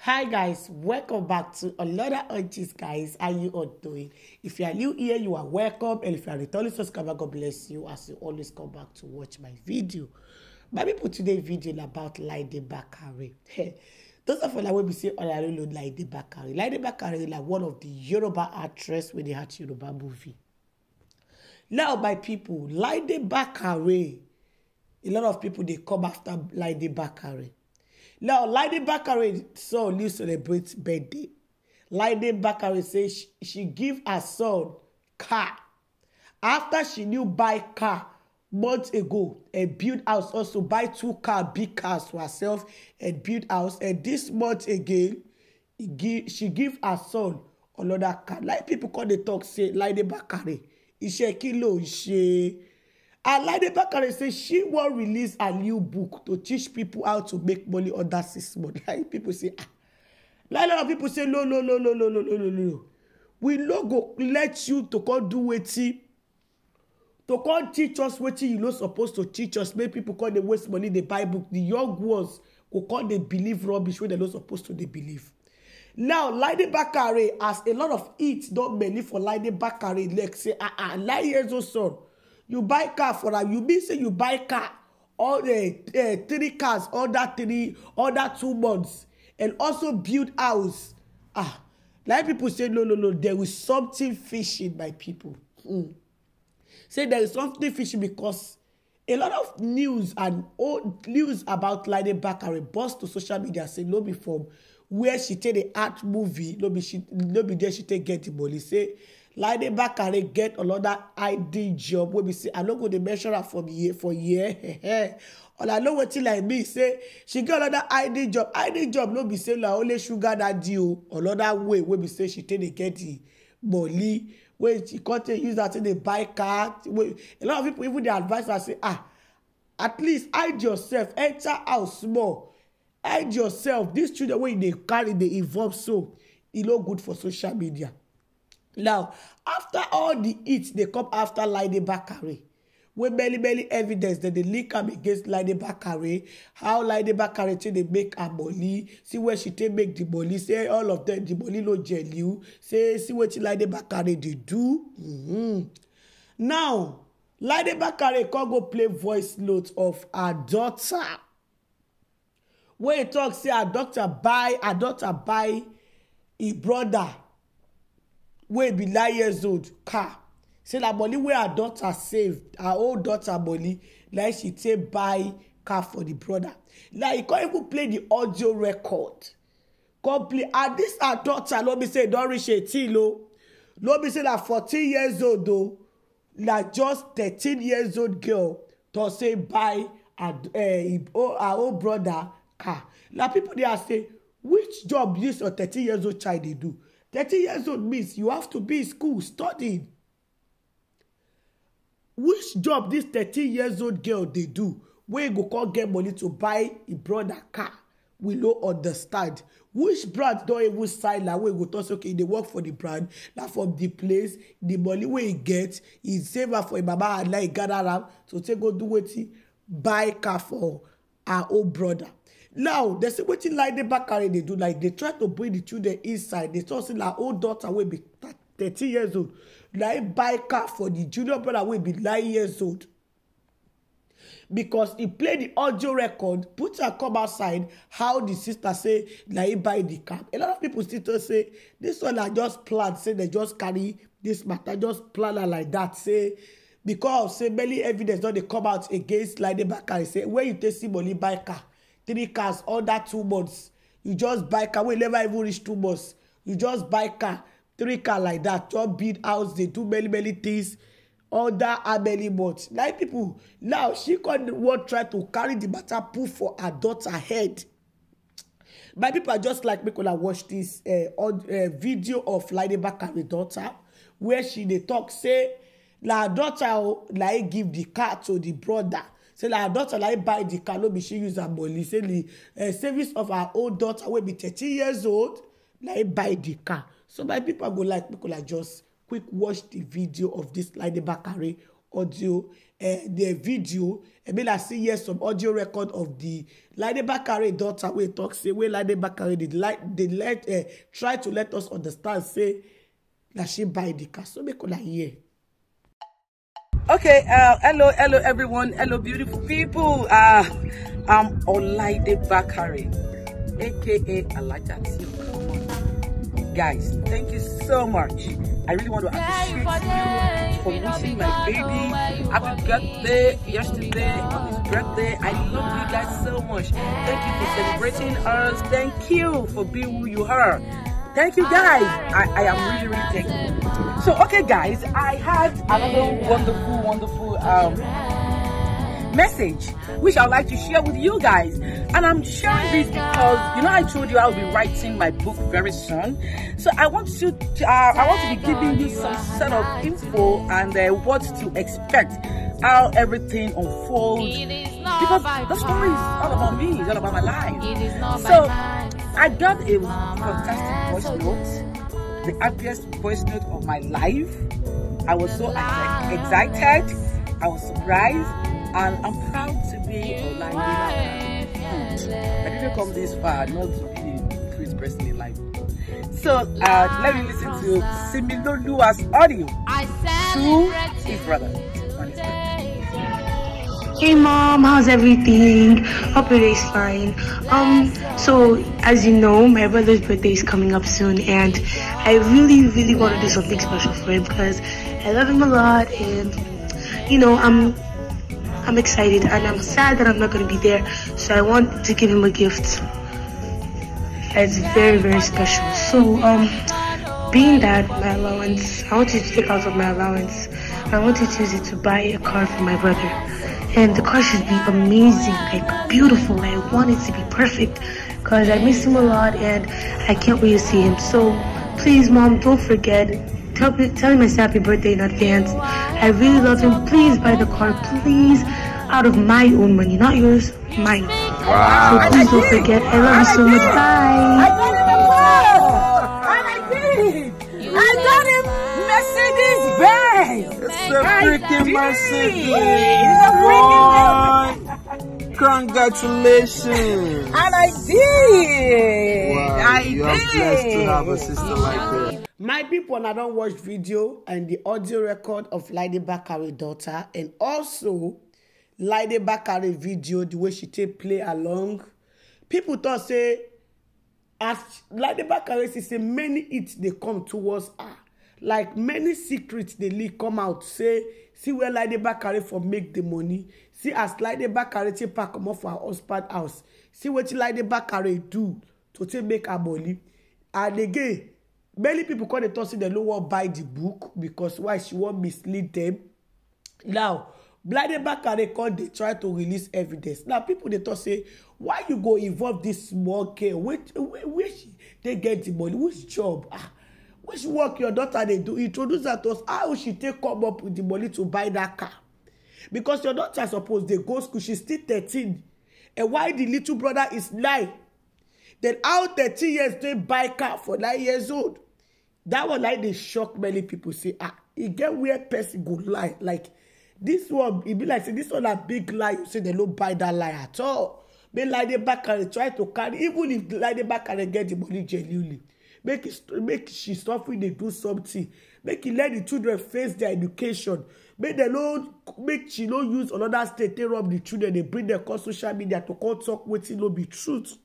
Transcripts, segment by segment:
hi guys welcome back to another urges guys how you all doing if you are new here you are welcome and if you are returning subscriber god bless you as you always come back to watch my video my people today video is about Laide Bakari. those of una will be all say honorable oh, Laide Bakare Bakari is like one of the Yoruba actress when they had Yoruba movie now my people Laide Bakari, a lot of people they come after Laide Bakari. Now, Lady Bakare saw Liu celebrate birthday. Lady Bakare says she, she give her son car after she knew buy car months ago and build house also buy two car big cars for herself and build house and this month again she give her son another car like people call the talk say Lady Bakare iṣẹ́ kí kilo, ń ṣe Alaide Bakare say she wan release her new book to teach people how to make money under six months. Like people say, ah. Like a lot of people say, no, no, no, no, no, no, no, no, no. We no go let you to call do wetin to call teach us wetin you no supposed to teach us make people call dey waste money they buy book the young ones go call they believe rubbish when dem no supposed to they believe now Laide Bakare as a lot of heat don many for Laide Bakare like, say ah ah nine years old son you buy car for am you mean say you buy car all the eh, three cars under three under two months and also build house ah like people say no no no there is something fishing my people mm. say there is something fishing because a lot of news and old news about Laide Bakare burst to social media say no be from where she take the art movie no be she no be there she take get the money say laide bakare get another id job wey be say i no go dey mention am from year for year all i know wetin like me say she get another id job id job no be say na only sugar daddy o another way wey be say she take dey get the money wey she come take use that take dey buy car a lot of people even dey advise her say ah at least hide yourself enter house small hide yourself these children wey you dey carry dey evolve so e no good for social media now after all the hits they come afta laide bakare wey many many evidence that dey link am against laide bakare how laide bakare tey dey make a money see where she take make the money say all of them the money no jeliu say see wetin laide bakare they do mm-hmm. now laide bakare con go play voice note of her daughter wey he talks, say her daughter buy her daughter buy a e brother wey be nine years old car say na money wey her daughter save her old daughter money na like she take buy car for the brother na he come even play the audio record Complete. and this her daughter no be say e don reach eighteen o no be say na fourteen years old o na just thirteen years old girl to say buy her uh, her own brother car na people dey ask say which job use your thirteen years old child dey do 30 years old means you have to be in school studying. Which job this 13 years old girl they do Where go call get money to buy a e brother car? We no understand. Which brand don't even sign like wey go talk say okay, They e work for the brand, na from the place, the money wey e get, is e save am for im mama and na gather up to take go do what he buy car for our old brother now dem say wetin laide bakare they do like they try to bring the children inside They talk see like old daughter will be thirteen years old Like buy car for the junior brother will be nine years old because he played the audio record put am come outside how the sister say like he buy the car a lot of people still talk say this one na just planned. say they just carry this matter just plan am like that. say because say many evidence not they come out against like laide bakare say where you take see money buy car three cars under two months you just buy car wey never even reach two months you just buy car three car like that just build house dey do many many things under how many months like people now she come wan try to carry the matter put for her daughter head my people are just like make una watch this uh, on, uh, video of Laidebaka her daughter where she dey talk say na her daughter o na im give the car to the brother say na her daughter like buy the car no be she use her money say di eh, service of her old daughter wey be 13 years old like buy the car so my people go like pipo like just quick watch the video of this dis lady bakare audio eh, the video like see here some audio record of the lady bakare daughter wey talk say wey lady bakare dey eh, try to let us understand say na she buy the car so make una hear Okay, uh, hello, hello everyone, hello beautiful people. Uh, I'm Olaide Bakari, aka Alaja Guys, thank you so much. I really want to appreciate you for wishing my baby oh, happy birthday yesterday on his birthday. I love you guys so much. Thank you for celebrating us. Thank you for being who you are thank you guys i, I am really really thankful so okay guys i had another wonderful wonderful um, message which i'd like to share with you guys and i'm sharing this because you know i told you i'll be writing my book very soon so i want to uh, i want to be giving you some sort of info and uh, what to expect how everything unfolds because the story is all about me it's all about my life so I got a fantastic voice note, the happiest voice note of my life. I was so excited, I was surprised, and I'm proud to be online. I didn't come this far not to be Chris' first person So uh, let me listen to Similolua's audio to his brother hey mom how's everything hope your day's fine um so as you know my brother's birthday is coming up soon and i really really want to do something special for him because i love him a lot and you know i'm i'm excited and i'm sad that i'm not going to be there so i want to give him a gift it's very very special so um being that my allowance i want you to take out of my allowance i want to use it to buy a car for my brother and the car should be amazing like beautiful i want it to be perfect because i miss him a lot and i can't wait to see him so please mom don't forget tell, me, tell him it's happy birthday in advance i really love him please buy the car please out of my own money not yours mine wow. so please don't forget i love you so much bye a freaking massive hit. Congratulations. And I did. Wow, I you did. are blessed to have a sister like that. My people, I don't watch video and the audio record of Lady Bakari daughter and also Lady Bakari video, the way she take play along. People thought say, as Lady Bakari, she say many it they come towards her like many secrets dey leak come out say see where laideba bakare for make the money see as laideba bakare, take pack comot for her husband house see wetin laideba bakare do to take make her money and again many people come dey talk say dem no wan buy the book because why she wan mislead dem now laideba bakare come dey try to release evidence now people dey talk say why you go involve this small girl wey she dey get the money which job ah which work your daughter dey do introduce her to us how she take come up with the money to buy that car because your daughter suppose dey go school she still thirteen and why the little brother is nine then how thirteen years take buy car for nine years old that one like dey shock many people say ah e get where person go lie like this one e be like say this one na big lie you say dem no buy that lie at all lie make laide bakare try to carry even if lie laide bakare get the money genuinely make he, make she stop when they do something make he let the children face their education make they no make she no use another state take rob the children They bring dem come social media to come talk wetin no be truth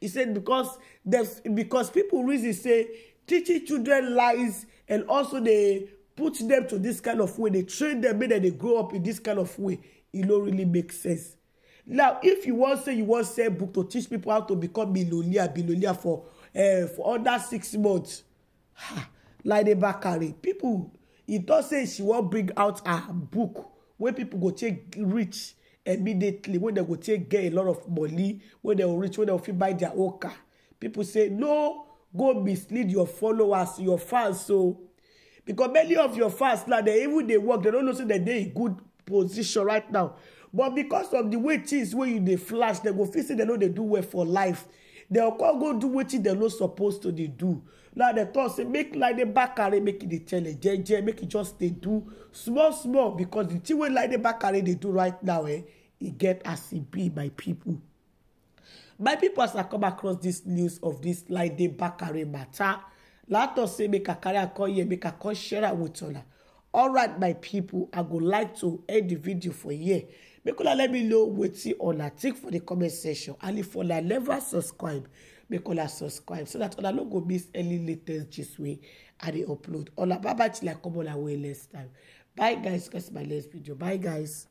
he said because dem because people reason say teaching children lies and also they put them to this kind of way They train them make dem they grow up in this kind of way e no really make sense now if you wan say you wan sell book to teach people how to become millionaire billionaire for uh, for under six months ha laide bakare people. e tok say she wan bring out her book wey people go take reach immediately wey dem go take get a lot of money wey dem reach wey dem fit buy their own car People say no go mislead your followers your fans so oh. because many of your fans now they even dey work dem no know say dem dey in good position right now but because of the way things wey you dey flash dem go feel say dem no dey do well for life dem come go do wetin dem no suppose to dey do now dem talk say make laide bakare make e dey tell jeje make e just dey do small small because the thing wey laide bakare dey do right now eh e get as e be my people my people as i come across this news of dis laide bakare matter na talk say make i carry am come here make i come share am with una alright my people i go like to end the video for here make let me know wetin una think for di comment section and if una never subscribe make una subscribe so dat una no go miss any latest gist wey i dey upload una bye bye till i come una way next time bye guys catch my next video bye guys